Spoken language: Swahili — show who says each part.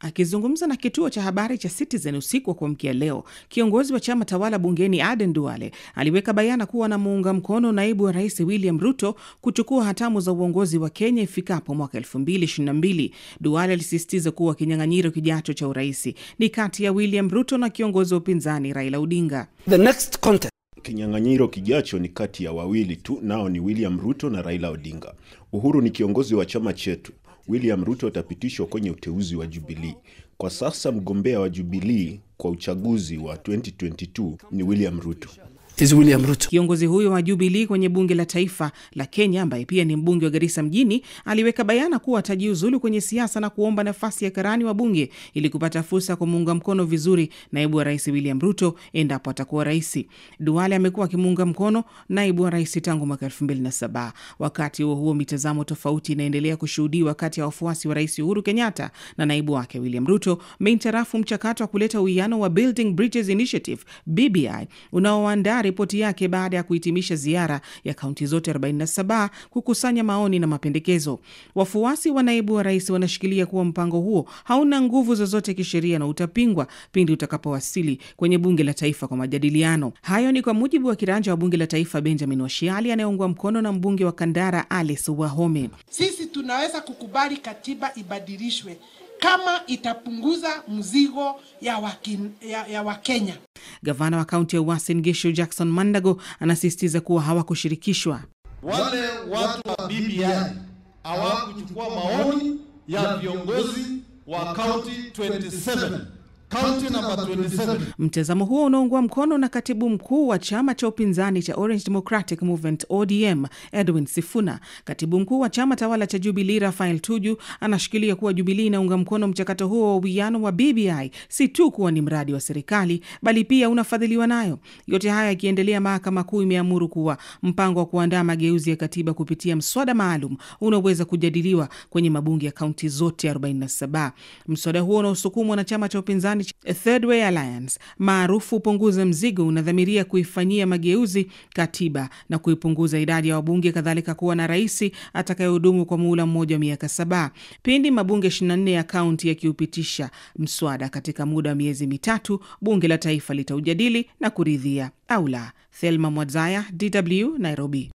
Speaker 1: Akizungumza na kituo cha habari cha Citizen usiku wa kuamkia leo, kiongozi wa chama tawala bungeni Aden Duale aliweka bayana kuwa anamuunga mkono naibu wa rais William Ruto kuchukua hatamu za uongozi wa Kenya ifikapo mwaka 2022. Duale alisisitiza kuwa kinyang'anyiro kijacho cha uraisi ni kati ya William Ruto na kiongozi wa upinzani Raila Odinga. The
Speaker 2: next contest Kinyang'anyiro kijacho ni kati ya wawili tu, nao ni William Ruto na Raila Odinga. Uhuru ni kiongozi wa chama chetu, William Ruto atapitishwa kwenye uteuzi wa Jubilee. Kwa sasa mgombea wa Jubilee kwa uchaguzi wa 2022 ni William Ruto
Speaker 1: is William Ruto. Kiongozi huyo wa Jubilii kwenye bunge la taifa la Kenya, ambaye pia ni mbunge wa Garissa mjini, aliweka bayana kuwa atajiuzulu kwenye siasa na kuomba nafasi ya karani wa bunge ili kupata fursa ya kumuunga mkono vizuri naibu wa rais William Ruto endapo atakuwa rais. Duale amekuwa akimuunga mkono naibu wa rais tangu mwaka elfu mbili na saba. Wakati huo huo, mitazamo tofauti inaendelea kushuhudiwa kati ya wafuasi wa rais Uhuru Kenyatta na naibu wake William Ruto mintarafu mchakato wa kuleta uwiano wa Building Bridges Initiative BBI unaoandaa ripoti yake baada ya kuhitimisha ziara ya kaunti zote 47 kukusanya maoni na mapendekezo. Wafuasi wa naibu wa rais wanashikilia kuwa mpango huo hauna nguvu zozote kisheria na utapingwa pindi utakapowasili kwenye bunge la taifa kwa majadiliano. Hayo ni kwa mujibu wa kiranja wa bunge la taifa Benjamin Washiali anayeungwa mkono na mbunge wa Kandara Alice Wahome. Sisi tunaweza kukubali katiba ibadilishwe kama itapunguza mzigo ya, waki, ya, ya Wakenya. Gavana wa kaunti ya Uasin Gishu Jackson Mandago anasisitiza kuwa hawakushirikishwa. Wale watu
Speaker 2: wa BBI hawakuchukua maoni ya viongozi wa kaunti 27
Speaker 1: Mtazamo huo unaungwa mkono na katibu mkuu wa chama cha upinzani cha Orange Democratic Movement ODM Edwin Sifuna. Katibu mkuu wa chama tawala cha Jubilee rafael Tuju anashikilia kuwa Jubilee inaunga mkono mchakato huo wa uwiano wa BBI si tu kuwa ni mradi wa serikali bali pia unafadhiliwa nayo. Yote haya yakiendelea, mahakama kuu imeamuru kuwa mpango wa kuandaa mageuzi ya katiba kupitia mswada maalum unaweza kujadiliwa kwenye mabunge ya kaunti zote 47. Mswada huo unaosukumwa na chama cha upinzani Marekani Third Way Alliance maarufu upunguze mzigo unadhamiria kuifanyia mageuzi katiba na kuipunguza idadi ya wabunge, kadhalika kuwa na rais atakayehudumu kwa muhula mmoja wa miaka saba pindi mabunge 24 ya kaunti yakiupitisha mswada katika muda wa miezi mitatu. Bunge la Taifa litaujadili na kuridhia au la. Thelma Mwadzaya, DW, Nairobi.